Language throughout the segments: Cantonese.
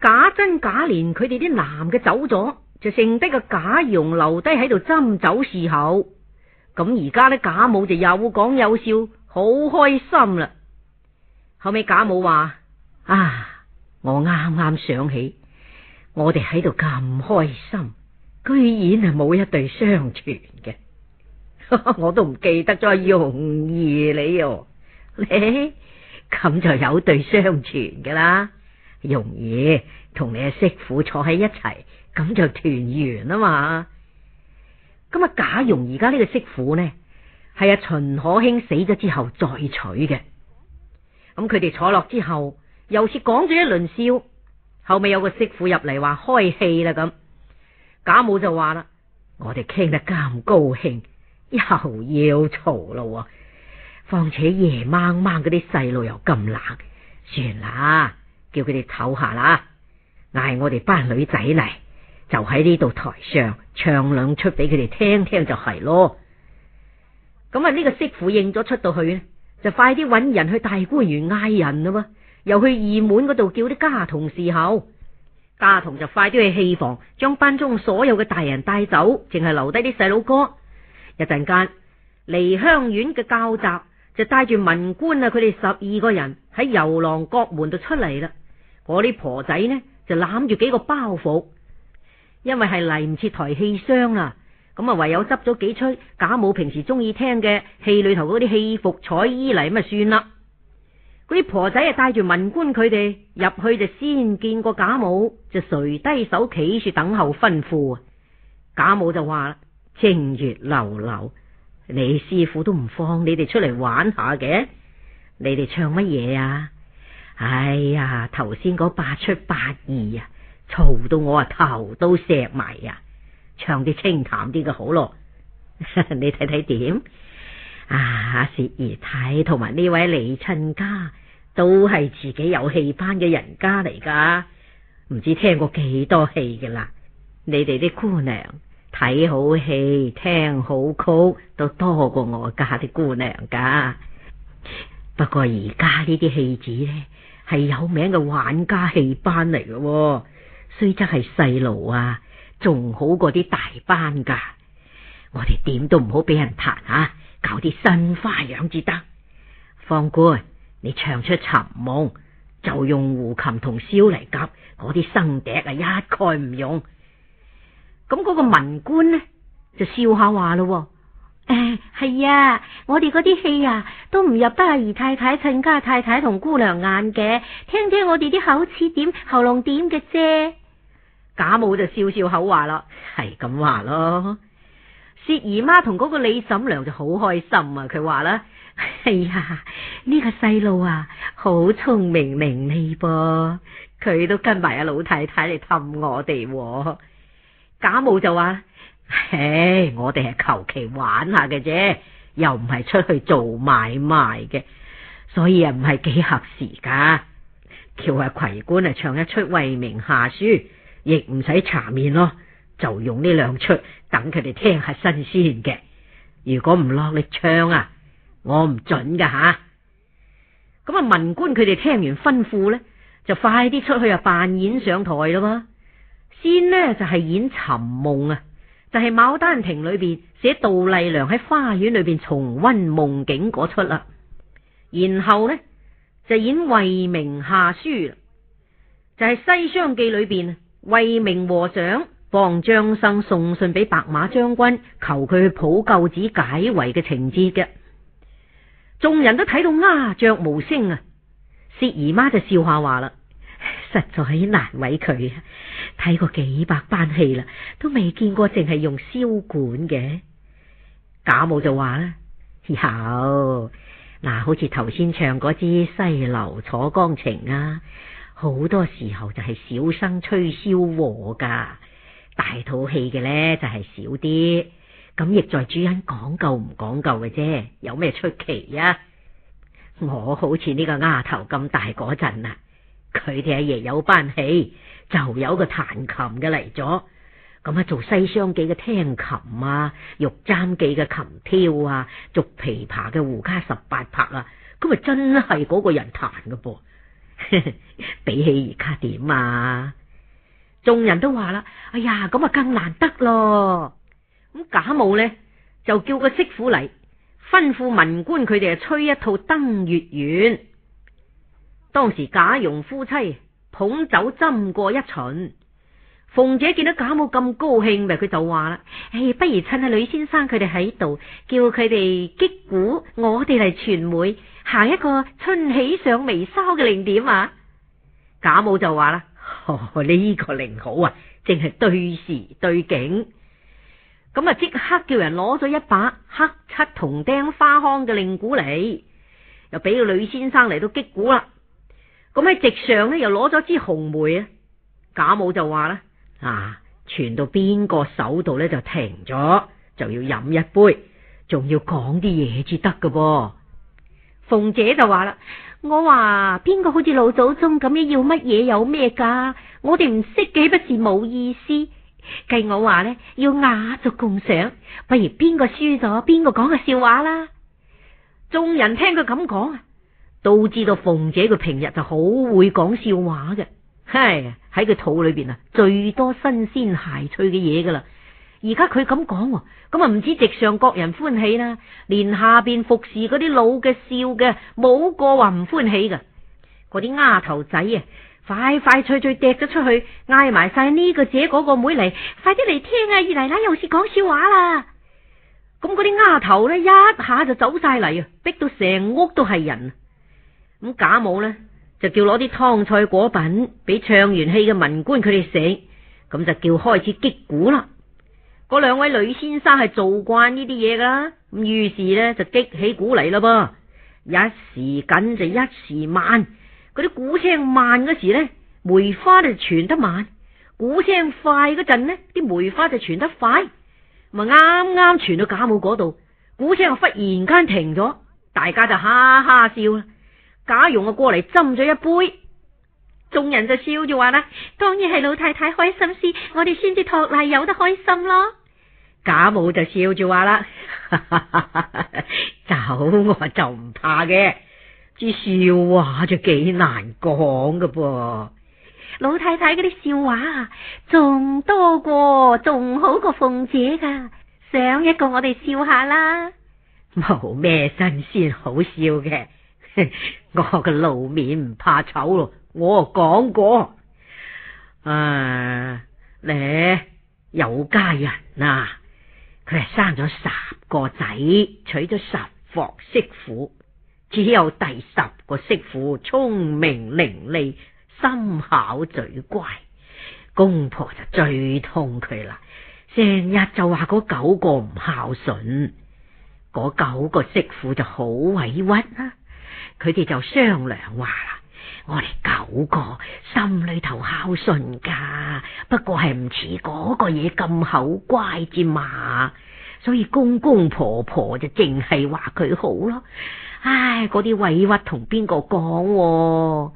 假真假連，佢哋啲男嘅走咗，就剩低個假容留低喺度斟酒侍候。咁而家咧，假母就有講有笑，好開心啦。後尾假母話：啊，我啱啱想起，我哋喺度咁開心，居然係冇一對雙全嘅， 我都唔記得咗蓉兒你哦。你咁 就有對雙全噶啦。蓉兒同你阿媳婦坐喺一齊，咁就團圓啊嘛！咁啊，賈蓉而家呢個媳婦呢，係阿秦可卿死咗之後再娶嘅。咁佢哋坐落之後，又是講咗一輪笑，後尾有個媳婦入嚟話開戲啦咁。賈母就話啦：我哋傾得咁高興，又要嘈咯。況且夜晚晚嗰啲細路又咁冷，算啦。叫佢哋唞下啦，嗌我哋班女仔嚟，就喺呢度台上唱兩出俾佢哋聽聽就係咯。咁啊，呢個媳婦應咗出到去，就快啲揾人去大觀園嗌人咯，又去二門嗰度叫啲家童伺候。家童就快啲去戲房將班中所有嘅大人帶走，淨係留低啲細佬哥。一陣間，梨香院嘅交集。就帶住文官啊，佢哋十二個人喺遊廊角門度出嚟啦。嗰啲婆仔呢，就攬住幾個包袱，因為係嚟唔切抬戲箱啦，啊，咁啊唯有執咗幾出賈母平時中意聽嘅戲裏頭嗰啲戲服彩衣嚟咁啊算啦。嗰啲婆仔啊帶住文官佢哋入去就先見過賈母，就垂低手企住等候吩咐。賈母就話啦：清月流流。你師傅都唔放你哋出嚟玩下嘅？你哋唱乜嘢啊？哎呀，頭先嗰八出八二啊，嘈到我啊頭都赤埋 啊！唱啲清淡啲嘅好咯，你睇睇點啊？薛姨太同埋呢位李親家都係自己有戲班嘅人家嚟噶，唔知聽過幾多戲噶啦？你哋啲姑娘。睇好戲，聽好曲都多過我家啲姑娘噶。不過而家呢啲戲子咧係有名嘅玩家戲班嚟嘅，雖則係細路啊，仲好過啲大班噶。我哋點都唔好俾人彈下，搞啲新花樣至得。方官，你唱出尋夢就用胡琴同簫嚟夾，嗰啲生笛啊一概唔用。咁嗰個文官呢，嗯、就笑下話咯。唉、哎，係啊，我哋嗰啲戲啊，都唔入得阿姨太太、親家太太同姑娘眼嘅，聽聽我哋啲口齒點、喉嚨點嘅啫。賈母就笑笑口話啦：係咁話咯。薛姨媽同嗰個李嬸娘就好開心啊！佢話啦：哎呀，呢、這個細路啊，好聰明伶俐噃，佢都跟埋阿老太太嚟氹我哋。賈母就話：唉，我哋係求其玩下嘅啫，又唔係出去做買賣嘅，所以啊，唔係幾合時噶喬係葵官啊，唱一出惠明下書，亦唔使搽面咯，就用呢兩出等佢哋聽下新鮮嘅。如果唔落力唱啊，我唔准噶吓。咁啊，文官佢哋聽完吩咐咧，就快啲出去啊，扮演上台咯。先呢就係演尋夢啊，就係《牡丹亭》裏邊寫杜麗娘喺花園裏邊重溫夢境嗰出啦。然後呢就演慧明下書，就係、是《西廂記》裏邊慧明和尚幫張生送信俾白馬將軍，求佢去普救寺解圍嘅情節嘅。眾人都睇到鴉雀無聲啊，薛姨媽就笑下話啦。實在難為佢啊，睇過幾百班戲啦，都未見過淨係用簫管嘅。賈母就話啦：有，嗱，好似頭先唱嗰支《西樓楚江情》啊，好多時候就係小生吹簫和噶，大套戲嘅咧就係少啲。咁亦在主人講究唔講究嘅啫，有咩出奇啊？我好似呢個丫頭咁大嗰陣啊。佢哋阿爺有班戲，就有個彈琴嘅嚟咗，咁啊做西廂記嘅聽琴啊，玉簪記嘅琴挑啊，續琵琶嘅胡笳十八拍啊，咁啊真係嗰個人彈嘅噃。 比起而家點啊？眾人都話啦，哎呀，咁啊更難得咯。咁賈母咧就叫個媳婦嚟，吩咐文官佢哋啊吹一套燈月圓。當時賈蓉夫妻捧酒斟過一巡，鳳姐見到賈母咁高興，咪佢就話啦：哎、hey，不如趁喺女先生佢哋喺度，叫佢哋擊鼓，我哋嚟傳媒，下一個春喜上眉梢嘅零點啊！賈母就話啦：呢、oh, 個零好啊，淨係對時對景，咁啊，即刻叫人攞咗一把黑漆銅釘花腔嘅令鼓嚟，又俾個女先生嚟到擊鼓啦。咁喺席上呢，又攞咗支紅梅啊！賈母就話啦：啊，傳到邊個手度咧就停咗，就要飲一杯，仲要講啲嘢至得噶噃。鳳姐就話啦：我話邊個好似老祖宗咁樣要乜嘢有咩噶？我哋唔識，豈不是冇意思？計我話咧，要雅俗共賞，不如邊個輸咗，邊個講個笑話啦！眾人聽佢咁講啊！都知道鳳姐佢平日就好會講笑話嘅，唉，喺佢肚裏邊啊，最多新鮮諧趣嘅嘢噶啦。而家佢咁講咁啊，唔止席上各人歡喜啦，連下邊服侍嗰啲老嘅少嘅冇個話唔歡喜嘅，嗰啲丫頭仔啊，快快脆脆趯咗出去，嗌埋晒呢個姐嗰個妹嚟，快啲嚟聽啊！二奶奶又是講笑話啦。咁嗰啲丫頭咧一下就走晒嚟啊，逼到成屋都係人。咁賈母呢，就叫攞啲湯菜果品俾唱完戲嘅文官佢哋食，咁就叫開始擊鼓啦。嗰兩位女先生係做慣呢啲嘢噶，咁於是呢，就激起鼓嚟啦噃。一時緊就一時慢，嗰啲鼓聲慢嗰時呢，梅花就傳得慢；鼓聲快嗰陣呢，啲梅花就傳得快。咪啱啱傳到賈母嗰度，鼓聲忽然間停咗，大家就哈哈笑啦。賈蓉我過嚟斟咗一杯，眾人就笑住話啦：當然係老太太開心先，我哋先至託賴，有得開心咯。賈母就笑住話啦：哈哈哈哈，走我就唔怕嘅，啲笑話就幾難講噶噃。老太太嗰啲笑話仲多過仲好過鳳姐噶，上一個我哋笑下啦，冇咩新鮮好笑嘅。 我個露面唔怕醜咯，我講過，你、啊、有家人啊，佢係生咗十個仔，娶咗十房媳婦，只有第十個媳婦聰明伶俐，心巧嘴乖，公婆就最痛佢啦，成日就話嗰九個唔孝順，嗰九個媳婦就好委屈啦、啊。佢哋就商量話啦，我哋九個心裏頭孝順噶，不過係唔似嗰個嘢咁口乖啫嘛，所以公公婆婆婆就淨係話佢好咯。唉，嗰啲委屈同邊個講？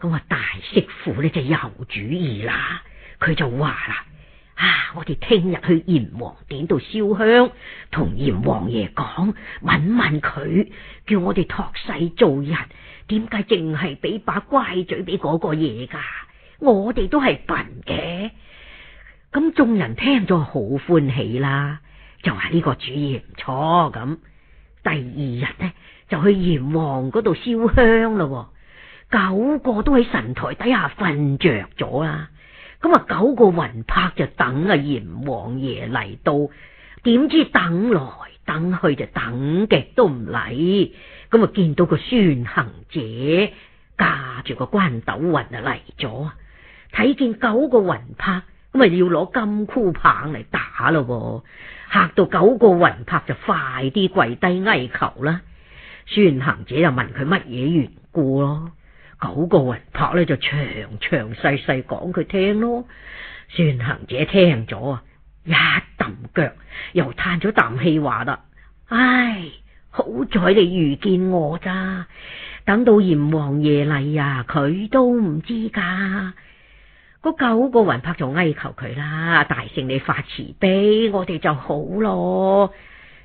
咁啊，大媳婦呢，就有主意啦，佢就話啦。啊！我哋聽日去閻王殿度燒香，同閻王爺講，問問佢，叫我哋託世做人，點解淨係俾把乖嘴俾嗰個嘢噶？我哋都係笨嘅。咁、嗯、眾人聽咗好歡喜啦，就話呢個主意唔錯。咁第二日呢，就去閻王嗰度燒香啦。九個都喺神台底下瞓着咗啦。咁啊，九個魂魄就等阿、啊、閻王爺嚟到，點知等來等去就等極都唔嚟。咁、嗯、啊，見到個孫行者架住個筋斗雲啊嚟咗，睇見九個魂魄，咁啊要攞金箍棒嚟打咯，嚇到九個魂魄就快啲跪低哀求啦。孫行者就問佢乜嘢緣故咯。九個魂魄咧就長長細細講佢聽咯，孫行者聽咗啊，一揼腳又嘆咗啖氣話啦，唉，好彩你遇見我咋，等到閻王爺嚟啊，佢都唔知噶。嗰九個魂魄就哀、啊、求佢啦，大聖你發慈悲，我哋就好咯。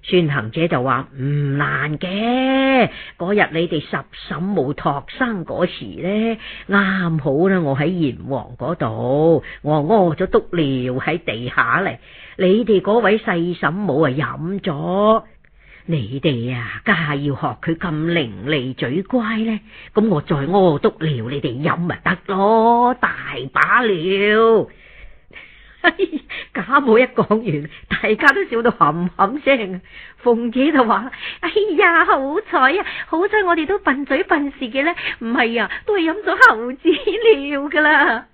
孫行者就話，唔、嗯、難嘅，嗰日你哋十嬸母託生嗰時咧，啱好啦，我喺閻王嗰度，我屙咗督尿喺地下嚟，你哋嗰位細嬸母啊飲咗，你哋啊家下要學佢咁伶俐嘴乖咧，咁我再屙督尿，你哋飲咪得咯，大把尿。賈母 一講完，大家都笑到冚冚聲。鳳姐就話：哎呀，好彩啊，好彩我哋都笨嘴笨舌嘅咧，唔係啊，都係飲咗猴子尿噶啦。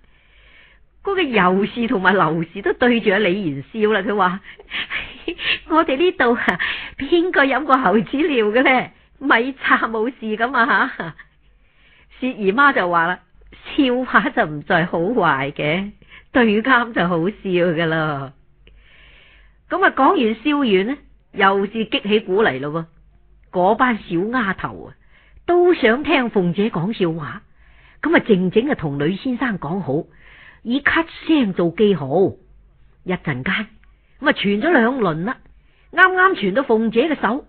嗰個尤氏同埋劉氏都對住阿李紈笑啦，佢話、哎：我哋呢度啊，邊個飲過猴子尿嘅咧？咪茶冇事噶嘛。薛姨媽就話啦：笑話就唔再好壞嘅。最啱就好笑噶啦，咁啊講完笑完呢，又是激起鼓嚟咯。嗰班小丫頭啊，都想聽鳳姐講笑話，咁啊靜靜啊同女先生講好，以咳聲做記號。一陣間咁啊傳咗兩輪啦，啱啱傳到鳳姐嘅手，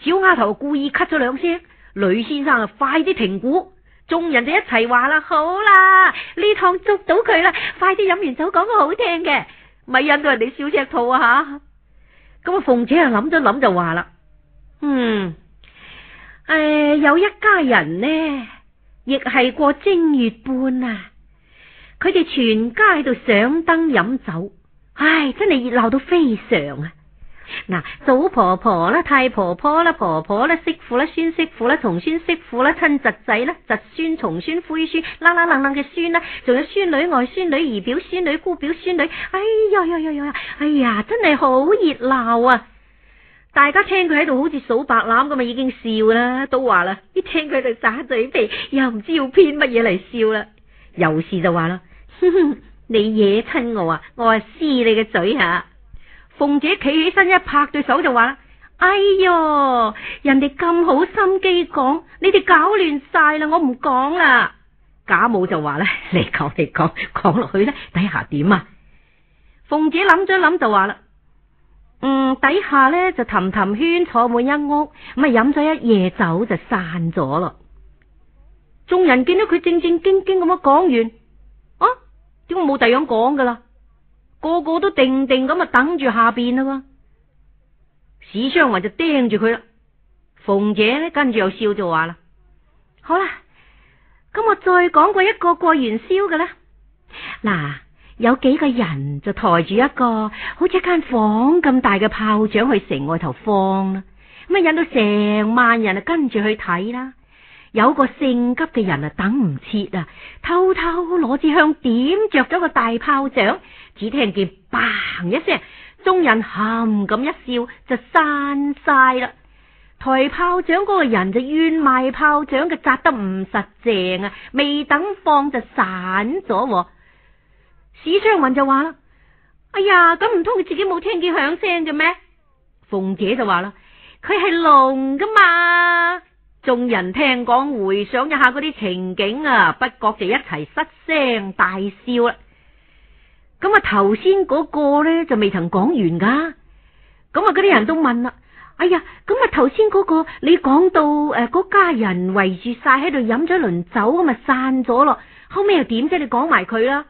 小丫頭故意咳咗兩聲，女先生啊快啲停鼓。眾人就一齊話啦，好啦，呢趟捉到佢啦，快啲飲完酒講個好聽嘅，咪引到人哋笑隻兔啊吓！咁啊，鳳姐啊諗咗諗就話啦，嗯，誒、呃，有一家人呢，亦係過正月半啊，佢哋全家喺度上燈飲酒，唉，真係熱鬧到非常啊！嗱、啊，祖婆婆啦，太婆婆啦，婆婆啦，媳婦啦，孫媳婦啦，重孫媳婦啦，親侄仔啦，侄孫重孫灰孫啦啦楞楞嘅孫啦，仲有孫女外孫女姨表孫女姑表孫女，哎呀哎呀呀、哎、呀，哎呀，真係好熱鬧啊！大家聽佢喺度好似數白欖咁啊，已經笑啦，都話啦，一聽佢就耍嘴皮，又唔知要編乜嘢嚟笑啦。有事就話啦，你惹親我啊，我啊撕你嘅嘴吓。鳳姐企起身一拍對手就話啦：哎喲，人哋咁好心機講，你哋搞亂晒啦，我唔講啦。賈母就話咧：你講你講，講落去咧，底下點啊？鳳姐諗咗諗就話啦：嗯，底下咧就氹氹圈坐滿一屋，咁啊飲咗一夜酒就散咗咯。眾人見到佢正正經經咁樣講完，哦、啊，點解冇第二樣講噶啦？個個都定定咁啊等住下邊啦，史湘雲就盯住佢啦。鳳姐咧跟住又笑就話啦：好啦，咁我再講過一個過元宵嘅啦。嗱，有幾個人就抬住一個好似一間房咁大嘅炮仗去城外頭放啦，咁啊引到成萬人啊跟住去睇啦。有個性急嘅人啊，等唔切啊，偷偷攞支香點着咗個大炮仗，只聽見嘭一聲，眾人含咁一笑就散晒啦。抬炮仗嗰個人就怨賣炮仗嘅紮得唔實淨啊，未等放就散咗。史湘雲就話啦：哎呀，咁唔通佢自己冇聽見響聲嘅咩？鳳姐就話啦：佢係聾噶嘛。眾人聽講，回想一下嗰啲情景啊，不覺就一齊失聲大笑啦。咁啊，頭先嗰個咧就未曾講完噶。咁啊，嗰啲人都問啦：哎呀，咁啊，頭先嗰個你講到誒，嗰家人圍住晒喺度飲咗輪酒咁啊，散咗咯。後尾又點啫？你講埋佢啦。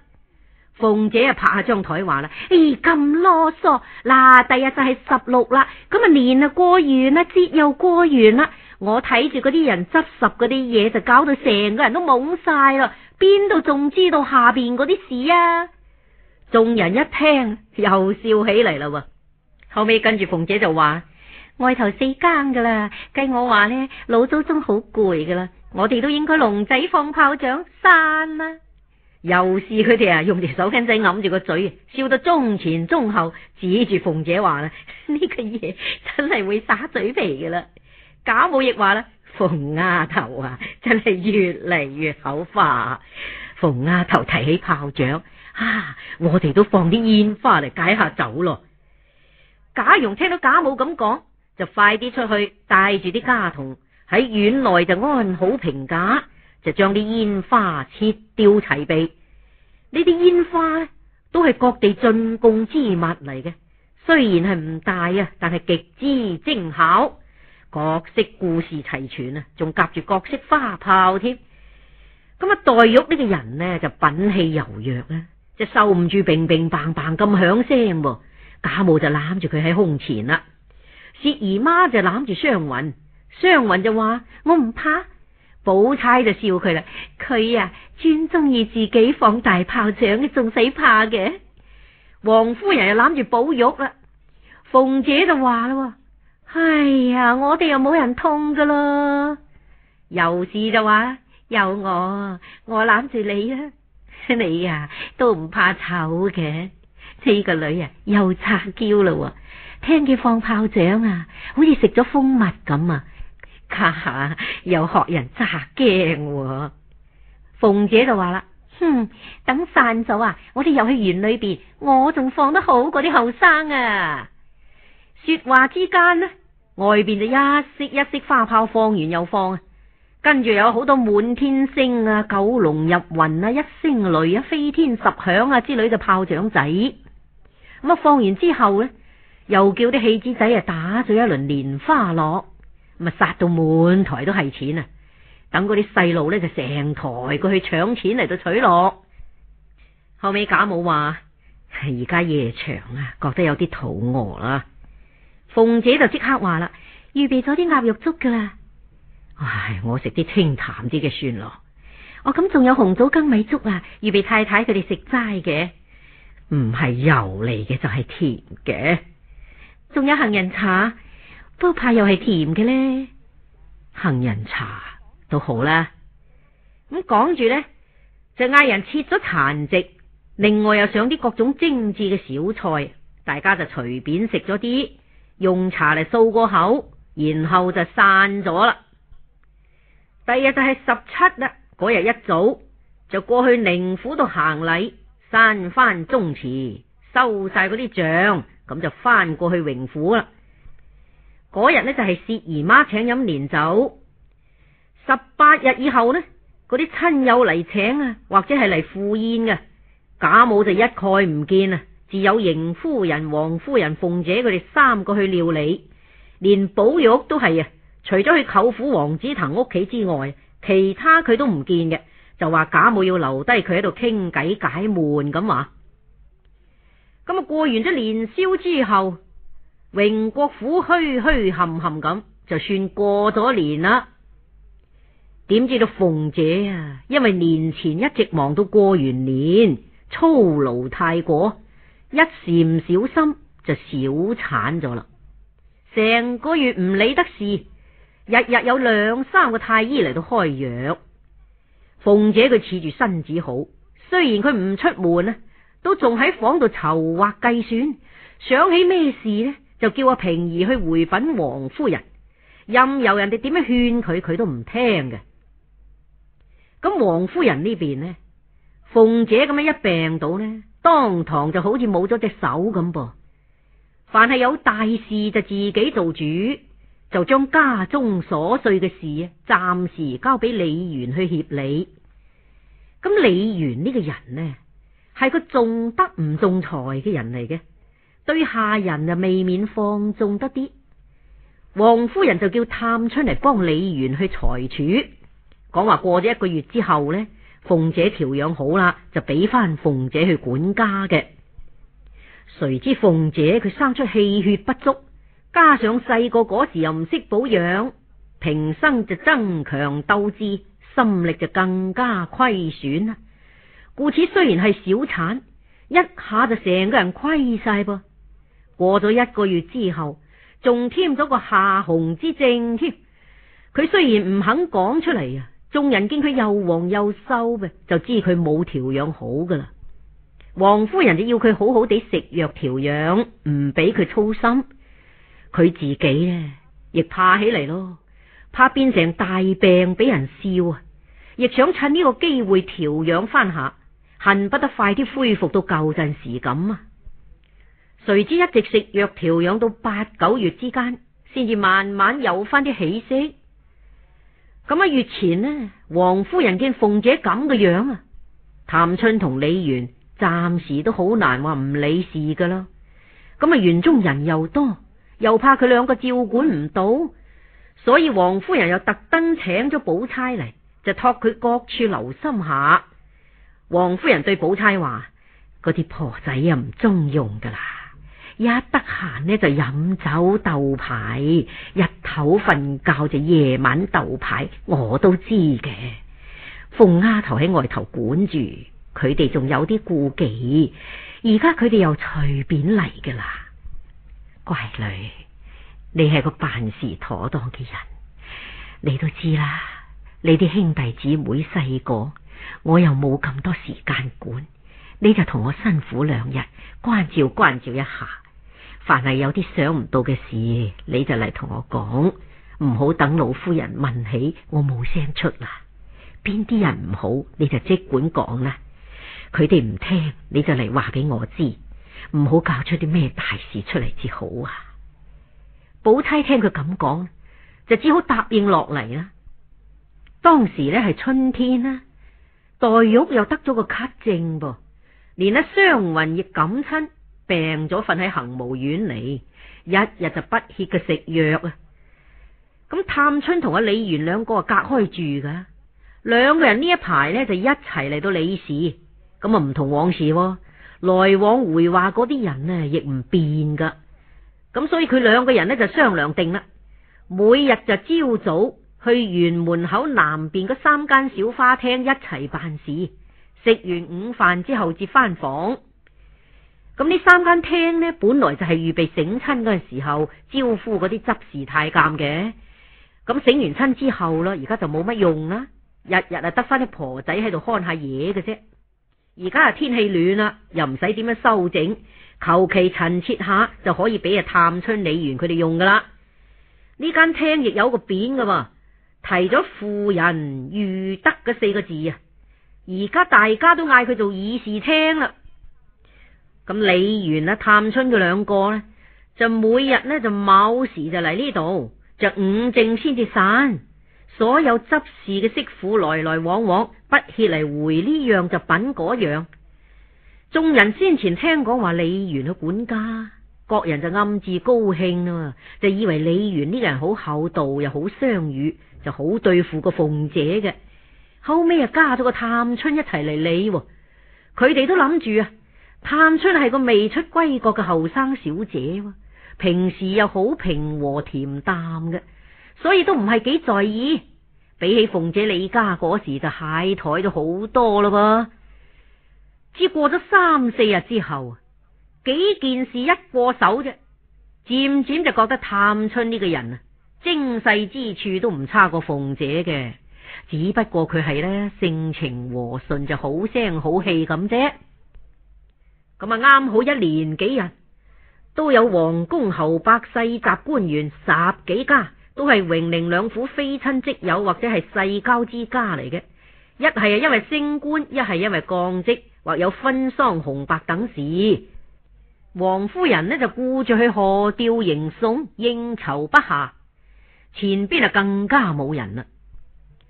鳳姐啊，拍下張台話啦：哎，咁囉嗦。嗱，第二日就係十六啦，咁啊，年啊過完啦，節又過完啦。我睇住嗰啲人執拾嗰啲嘢，就搞到成個人都懵晒啦！邊度仲知道下邊嗰啲事啊？眾人一聽又笑起嚟啦！後尾跟住鳳姐就話：外頭四更噶啦，計我話咧老祖宗好攰噶啦，我哋都應該龍仔放炮仗，散啦！又是佢哋啊，用條手巾仔揞住個嘴，笑到中前中後，指住鳳姐話啦：呢個嘢真係會耍嘴皮噶啦！賈母亦話啦：鳳丫頭啊，真係越嚟越口花啊。鳳丫頭提起炮仗，啊，我哋都放啲煙花嚟解下酒咯。賈蓉聽到賈母咁講，就快啲出去帶住啲家童喺院內就安好平架，就將啲煙花切雕齊備。呢啲煙花咧，都係各地進貢之物嚟嘅，雖然係唔大啊，但係極之精巧。各式故事齊全啊，仲夾住各式花炮添。咁啊，黛玉呢個人呢就品氣柔弱就病病病病就就就就啊，即受唔住，乒乒棒棒咁響聲。賈母就攬住佢喺胸前啦，薛姨媽就攬住湘雲，湘雲就話我唔怕。寶釵就笑佢啦，佢啊專中意自己放大炮仗，你仲使怕嘅？王夫人就攬住寶玉啦，鳳姐就話啦。哎呀，我哋又冇人痛噶咯，有事就話有我，我攬住你啊！你啊都唔怕醜嘅，呢個女啊又撒嬌啦，聽見放炮仗啊，好似食咗蜂蜜咁啊！家下又學人詐驚啊，鳳姐就話啦：哼，等散咗啊，我哋又去園裏邊，我仲放得好過啲後生啊！說話之間呢，外邊就一色一色花炮放完又放，跟住有好多滿天星啊、九龍入雲啊、一聲雷啊、飛天十響啊之類嘅炮仗仔。咁啊放完之後咧，又叫啲戲子仔啊打咗一輪蓮花落，咁啊殺到滿台都係錢啊！等嗰啲細路咧就成台過去搶錢嚟到取樂。後尾賈母話：而家夜長啊，覺得有啲肚餓啦。鳳姐就即刻話啦，預備咗啲鴨肉粥噶啦。唉，我食啲清淡啲嘅算咯。我咁仲有紅棗羹米粥啊，預備太太佢哋食齋嘅，唔係油嚟嘅就係甜嘅。仲有杏仁茶，都怕又係甜嘅咧。杏仁茶都好啦。咁講住咧，就嗌人切咗殘席，另外又上啲各種精緻嘅小菜，大家就隨便食咗啲。用茶嚟漱個口，然後就散咗啦。第二日就係十七啦，嗰日一早就過去寧府度行禮，刪翻宗祠，收晒嗰啲賬，咁就翻過去榮府啦。嗰日呢就係薛姨媽請飲年酒。十八日以後呢，嗰啲親友嚟請啊，或者係嚟赴宴嘅，賈母就一概唔見啊。自有邢夫人、王夫人、鳳姐佢哋三個去料理，連寶玉都係啊，除咗去舅父王子騰屋企之外，其他佢都唔見嘅，就話賈母要留低佢喺度傾偈解悶咁話。咁啊過完咗年宵之後，榮國府虛虛冚冚咁，就算過咗年啦。點知道鳳姐啊，因為年前一直忙到過完年，操勞太過。一時唔小心就小產咗啦，成個月唔理得事，日日有兩三個太醫嚟到開藥。鳳姐佢恃住身子好，雖然佢唔出門啊，都仲喺房度籌劃計算，想起咩事呢，就叫阿平兒去回稟王夫人，任由人哋點樣勸佢，佢都唔聽嘅。咁王夫人呢邊呢，鳳姐咁樣一病到呢。當堂就好似冇咗隻手咁噃，凡係有大事就自己做主，就將家中瑣碎嘅事啊，暫時交俾李紈去協理。咁李紈呢個人呢，係個重德唔重財嘅人嚟嘅，對下人啊未免放縱得啲。王夫人就叫探春嚟幫李紈去裁處，講話過咗一個月之後呢，鳳姐調養好啦，就俾翻鳳姐去管家嘅。誰知鳳姐佢生出氣血不足，加上細個嗰時又唔識保養，平生就增強鬥志，心力就更加虧損啦。故此雖然係小產，一下就成個人虧晒噃。過咗一個月之後，仲添咗個下紅之症添。佢雖然唔肯講出嚟啊，眾人見佢又黃又瘦嘅，就知佢冇調養好噶啦。王夫人就要佢好好地食藥調養，唔俾佢操心。佢自己咧亦怕起嚟咯，怕變成大病俾人笑啊！亦想趁呢個機會調養翻下，恨不得快啲恢復到舊陣時咁啊！誰知一直食藥調養到八九月之間，先至慢慢有翻啲起色。咁啊，月前呢，王夫人見鳳姐咁嘅樣啊，探春同李紈暫時都好難話唔理事噶咯。咁啊，園中人又多，又怕佢兩個照管唔到，所以王夫人又特登請咗寶釵嚟，就託佢各處留心下。王夫人對寶釵話：「嗰啲婆仔啊，唔中用噶啦。一得閒呢，就飲酒鬥牌，日頭瞓覺就夜晚鬥牌，我都知嘅。鳳丫頭喺外頭管住佢哋，仲有啲顧忌。而家佢哋又隨便嚟噶啦。乖女，你係個辦事妥當嘅人，你都知啦。你啲兄弟姊妹細個，我又冇咁多時間管。你就同我辛苦兩日，關照關照一下。凡係有啲想唔到嘅事，你就嚟同我講，唔好等老夫人問起，我冇聲出啦。邊啲人唔好，你就即管講啦。佢哋唔聽，你就嚟話俾我知，唔好搞出啲咩大事出嚟至好啊！寶釵聽佢咁講，就只好答應落嚟啦。當時咧係春天啦，黛玉又得咗個咳症噃。連阿雙雲亦感親病咗，瞓喺恒無院嚟，一日日就不歇嘅食藥啊！咁探春同阿李紈兩個隔開住噶，兩個人呢一排呢就一齊嚟到理事。咁唔同往時，來往回話嗰啲人呢亦唔變噶。咁所以佢兩個人呢就商量定啦，每日就朝早去園門口南邊嗰三間小花廳一齊辦事。食完午飯之後至翻房，咁呢三間廳咧本來就係預備醒親嗰陣時候招呼嗰啲執事太監嘅，咁醒完親之後啦，而家就冇乜用啦，日日啊得翻啲婆仔喺度看下嘢嘅啫。而家啊天氣暖啦，又唔使點樣修整，求其陳設下就可以俾啊探春、李紈佢哋用噶啦。呢間廳亦有個匾噶，提咗富人裕德嗰四個字啊。而家大家都嗌佢做議事廳啦，咁李元啊、探春佢兩個咧，就每日呢，就卯時就嚟呢度，就午正先至散。所有執事嘅媳婦來來往往，不歇嚟回呢樣就品嗰樣。眾人先前聽講話李元嘅管家，各人就暗自高興啊，就以為李元呢個人好厚道，又好相語，就好對付個鳳姐嘅。後尾啊加咗個探春一齊嚟理，佢哋都諗住啊，探春係個未出歸國嘅後生小姐，平時又好平和恬淡嘅，所以都唔係幾在意。比起鳳姐李家嗰時就懈怠咗好多咯，噃。只過咗三四日之後，幾件事一過手啫，漸漸就覺得探春呢個人啊，精細之處都唔差過鳳姐嘅。只不過佢係咧性情和順，就好聲好氣咁啫。咁啊，啱好一連幾日都有皇公侯伯世襲官員十幾家，都係榮寧兩府非親即友或者係世交之家嚟嘅。一係啊，因為升官；一係因為降職，或有婚喪紅白等事。王夫人呢就顧住去賀吊迎送應酬不暇，前邊啊更加冇人啦。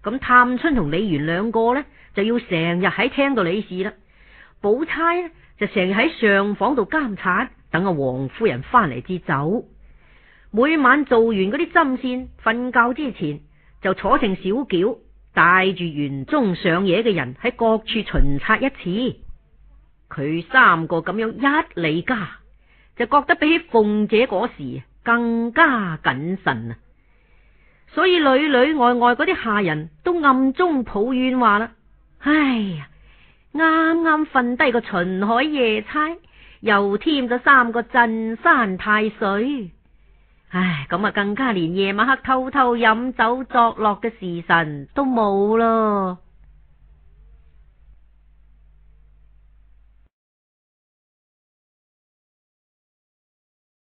咁探春同李紈兩個呢，就要成日喺廳度理事啦。寶釵呢，就成日喺上房度監察，等阿王夫人翻嚟至走。每晚做完嗰啲針線，瞓覺之前就坐成小轎，帶住園中上野嘅人喺各處巡察一次。佢三個咁樣一理家，就覺得比起鳳姐嗰時更加謹慎啊！所以裏裏外外嗰啲下人都暗中抱怨話啦，哎呀，啱啱瞓低個巡海夜叉，又添咗三個鎮山太歲，唉，咁啊更加連夜晚黑偷偷飲酒作樂嘅時辰都冇咯。